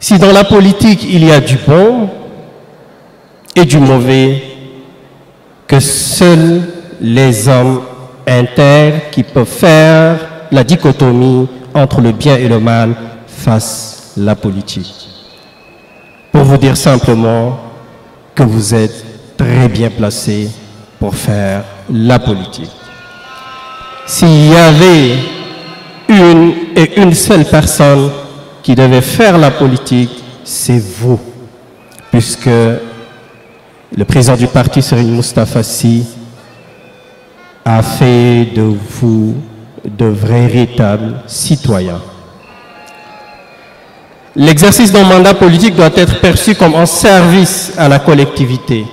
Si dans la politique, il y a du bon et du mauvais, que seuls les hommes intègres qui peuvent faire la dichotomie entre le bien et le mal fassent la politique. Pour vous dire simplement que vous êtes très bien placés pour faire la politique. S'il y avait une et une seule personne qui devez faire la politique, c'est vous, puisque le président du parti, Serigne Moustapha Sy, a fait de vous de véritables citoyens. L'exercice d'un mandat politique doit être perçu comme un service à la collectivité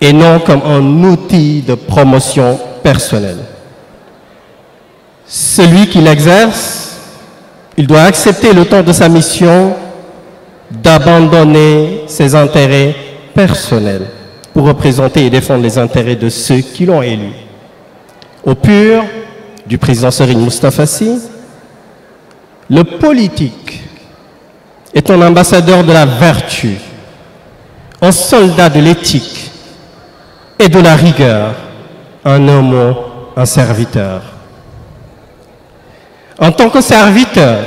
et non comme un outil de promotion personnelle. Celui qui l'exerce il doit accepter le temps de sa mission d'abandonner ses intérêts personnels pour représenter et défendre les intérêts de ceux qui l'ont élu. Au pur du président Serigne Moustapha le politique est un ambassadeur de la vertu, un soldat de l'éthique et de la rigueur, en un mot, un serviteur. En tant que serviteur,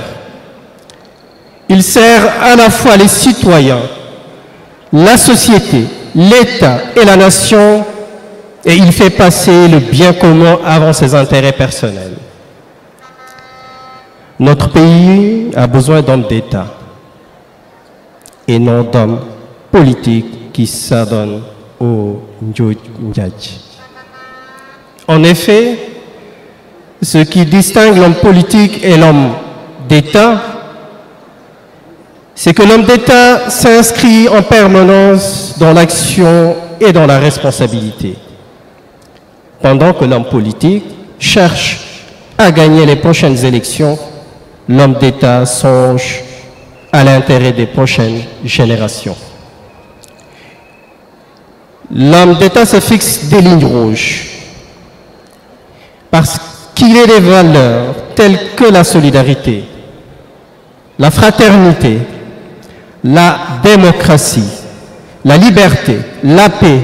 il sert à la fois les citoyens, la société, l'État et la nation, et il fait passer le bien commun avant ses intérêts personnels. Notre pays a besoin d'hommes d'État et non d'hommes politiques qui s'adonnent au Ndjoj En effet, Ce qui distingue l'homme politique et l'homme d'État, c'est que l'homme d'État s'inscrit en permanence dans l'action et dans la responsabilité, pendant que l'homme politique cherche à gagner les prochaines élections, l'homme d'État songe à l'intérêt des prochaines générations. L'homme d'État se fixe des lignes rouges parce qu'il ait des valeurs telles que la solidarité, la fraternité, la démocratie, la liberté, la paix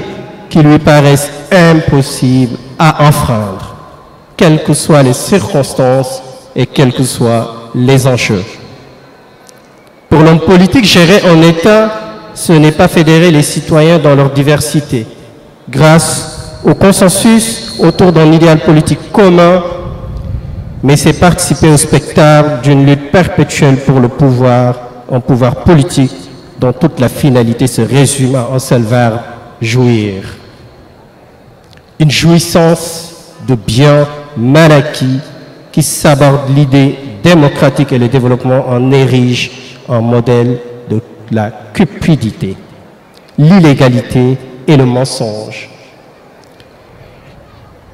qui lui paraissent impossibles à enfreindre, quelles que soient les circonstances et quels que soient les enjeux. Pour l'homme politique, gérer un État, ce n'est pas fédérer les citoyens dans leur diversité, grâce au consensus autour d'un idéal politique commun mais c'est participer au spectacle d'une lutte perpétuelle pour le pouvoir, un pouvoir politique dont toute la finalité se résume à en savoir jouir. Une jouissance de biens mal acquis qui s'aborde l'idée démocratique et le développement en érige un modèle de la cupidité, l'illégalité et le mensonge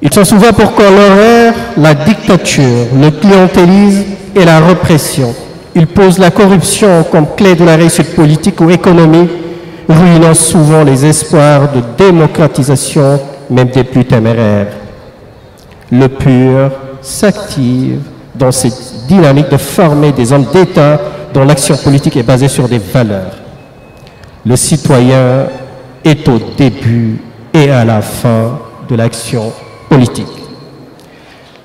Ils sont souvent pour corollaire la dictature, le clientélisme et la répression. Ils posent la corruption comme clé de la réussite politique ou économique, ruinant souvent les espoirs de démocratisation, même des plus téméraires. Le pur s'active dans cette dynamique de former des hommes d'État dont l'action politique est basée sur des valeurs. Le citoyen est au début et à la fin de l'action politique.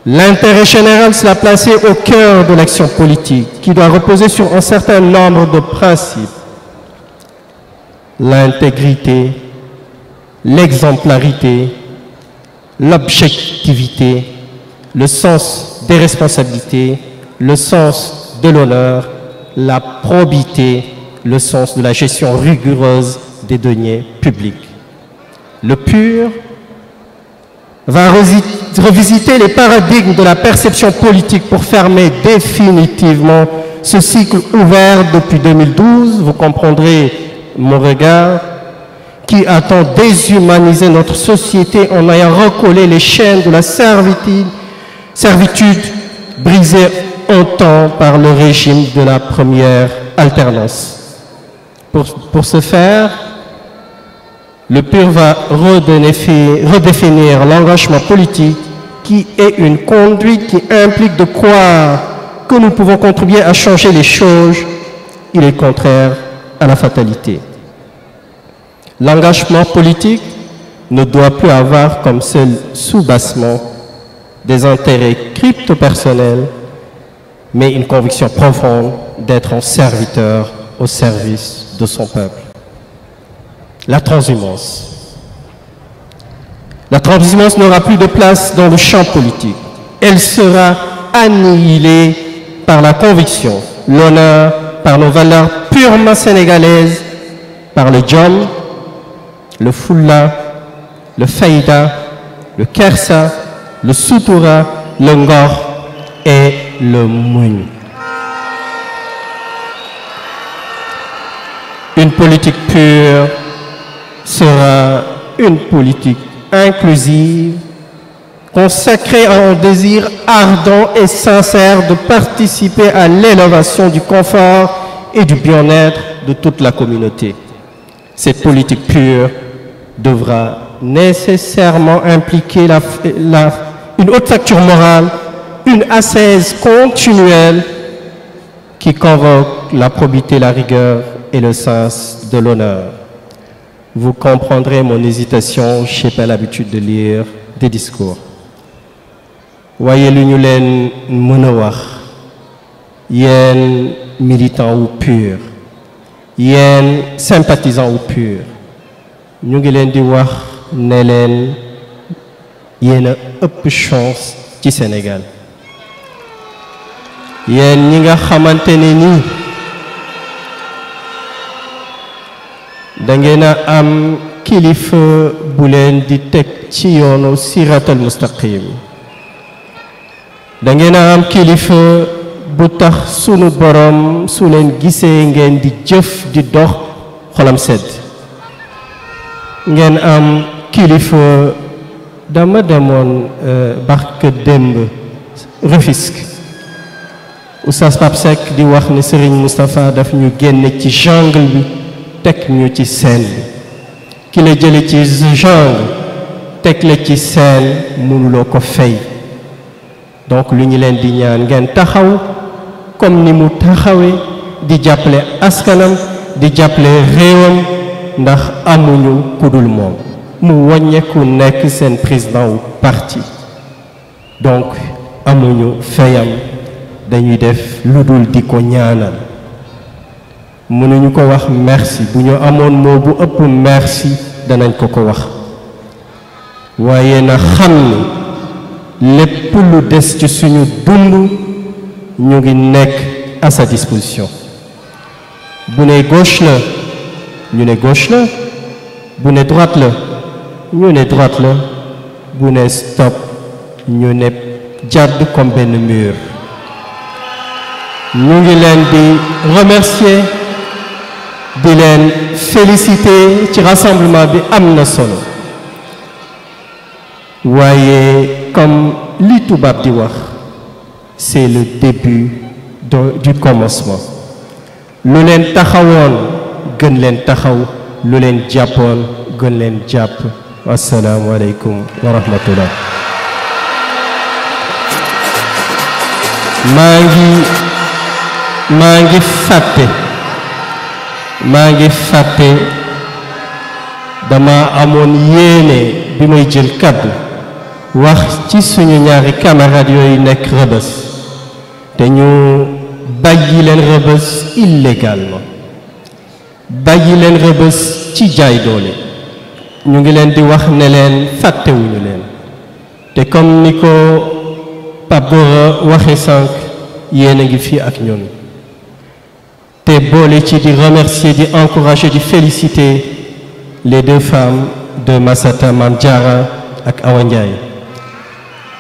L'intérêt général sera placé au cœur de l'action politique, qui doit reposer sur un certain nombre de principes. L'intégrité, l'exemplarité, l'objectivité, le sens des responsabilités, le sens de l'honneur, la probité, le sens de la gestion rigoureuse des deniers publics. Le pur va revisiter les paradigmes de la perception politique pour fermer définitivement ce cycle ouvert depuis 2012, vous comprendrez mon regard, qui attend déshumaniser notre société en ayant recollé les chaînes de la servitude, brisée autant par le régime de la première alternance. pour ce faire, Le PUR va redéfinir l'engagement politique qui est une conduite qui implique de croire que nous pouvons contribuer à changer les choses. Il est contraire à la fatalité. L'engagement politique ne doit plus avoir comme seul sous-bassement des intérêts crypto mais une conviction profonde d'être un serviteur au service de son peuple. la transhumance. La n'aura plus de place dans le champ politique. Elle sera annihilée par la conviction, l'honneur, par nos valeurs purement sénégalaises, par le jom, le fulla, le faïda, le kersa, le sutura, le ngor et le mougne. Une politique pure sera une politique inclusive consacrée à un désir ardent et sincère de participer à l'élévation du confort et du bien-être de toute la communauté. Cette politique pure devra nécessairement impliquer la, la, une haute facture morale, une assaise continuelle qui convoque la probité, la rigueur et le sens de l'honneur. vous comprendrez mon hésitation j'ai pas l'habitude de lire des discours waaye lu ñu leen mën a wax yéen militant wu pur yéen sympathisant wu pur ñu ngi leen di wax ne leen yéen a ëpp chance ci Sénégal yéen ñi nga xamante ne nii da ngeen am kilifa bu leen di teg ci yoonu siratal mustaqim da am kilifa bu tax sunu borom su leen gisee ngeen di jëf di dox xolam sedd ngeen am kilifa dama demoon euh, barke démb Rufisque Oustaz Pape di wax ne Serigne Moustapha daf ñu génne ci jungle bi teg ñu ci seen bi ki la jële ci genre teg la ci seen mënuloo ko fay donc li ñu leen di ñaan ngeen taxaw comme ni mu taxawee di jàppale askanam di jàppale réewam ndax amuñu kudul moom mu waññeeku nekk seen président wu parti donc amuñu fayam dañuy def lu dul di ko ñaanal mënuñu ko wax merci bu ñu amoon moo bu ëpp merci danañ ko ko wax waaye na xam ni lépp lu des ci suñu dund ñu ngi nekk à sa disposition bu ne gauche la ñu ne gauche la bu ne droite la ñu ne droite la bu ne stop ñu ne jàdd comme benn mur ñu ngi leen di remercier di leen félicité ci rassemblement bi am na solo waaye comme li tubaab di wax c'est le début du commencement lu leen taxawoon gën leen taxaw lu leen jàppoon gën leen jàpp asalaamualeykum wa rahmatullah maa ngi maa ngi fàtte maa ngi fàtte dama amoon yéene bi may jël kàddu wax ci suñu ñaari camarades yooyu nekk rëbës te ñu bàyyi leen rëbës illégalement bàyyi leen rëbës ci jaay doole ñu ngi leen di wax ne leen fàttewuñu leen te comme ni ko Pape Gora waxe sànq yéen a ngi fii ak ñun te boole ci di remercier di encourager di féliciter les deux femmes de Massata Mame ak Awa Ndiaye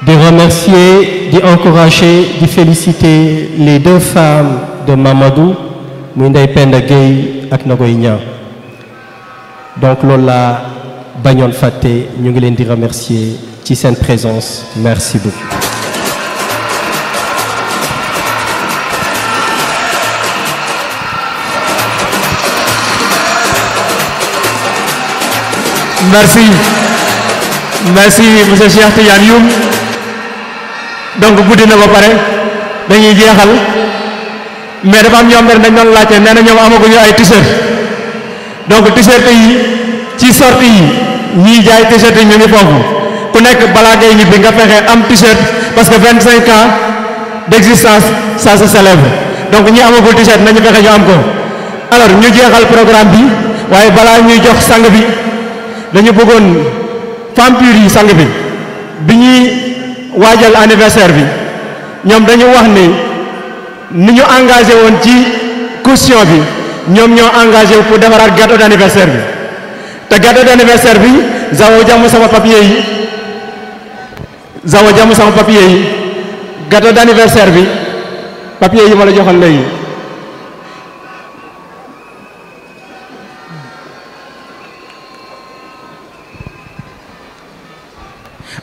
di remercier di encourager di féliciter les deux femmes de Mamadou muy Ndeye Penda Gueye ak Nagoy Niang donc loolu la bañoon fàtte ñu ngi leen di remercier ci seen présence merci beaucoup merci merci monsieur Cheikh Tidiane Youm donc guddi na ba pare dañuy jeexal mais dafa am ñoom dañ doon laajte nee na ñoom amaguñu ay t-shirt donc t-shirt yi ci sortie yi ñiy jaay t-shirt yi ñu ngi foofu ku nekk balaa ngay ñibbi nga fexe am t-shirt parce que cinq ans d'existence ça se célèbre donc ñi amagul t-shirt nañu fexe ñu am ko alors ñu jeexal programme bi waaye balaa ñuy jox sang bi. dañu bëggoon femme pure yi sang bi bi ñuy waajal anniversaire bi ñoom dañu wax ni ni ñu engagé woon ci costion bi ñoom ñoo engagé pour defaraat gâteau d'anniversaire bi te gâteau d'anniversaire bi zawo jàmm sama papier yi zawo jàmm sama papier yi gâteau d'anniversaire bi papier yi ma la joxoon léegi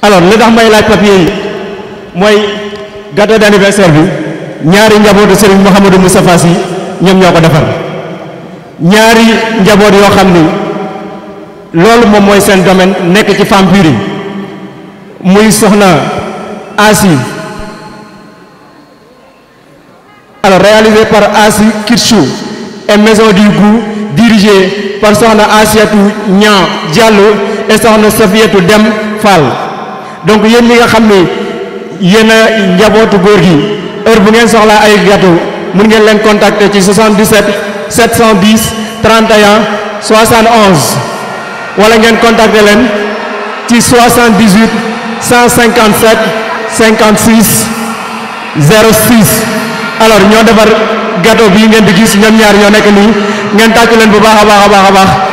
alors li tax may laaj papier yi mooy gâteau d' bi ñaari njabootu Serigne Mouhamadou Moustapha Sy ñoom ñoo ko defar ñaari njaboot yoo xam ni loolu moom mooy seen domaine nekk ci femme pure muy soxna Asi alors réalisé par Asi Kitchou et maison du goût dirigée par soxna Asiatou Niang Diallo et soxna Safiatou Dem Fall donc yéen ñi nga xam ni yéen a njabootu góor gi heure bu ngeen soxlaa ay gato mun ngeen leen contacter ci 77 710 31 71 wala ngeen contacter leen ci 78 157 56 06 alors ñoo defar gato bii ngeen di gis ñoom ñaar ñoo nekk nii ngeen tàcc leen bu baax a baax a baax a baax.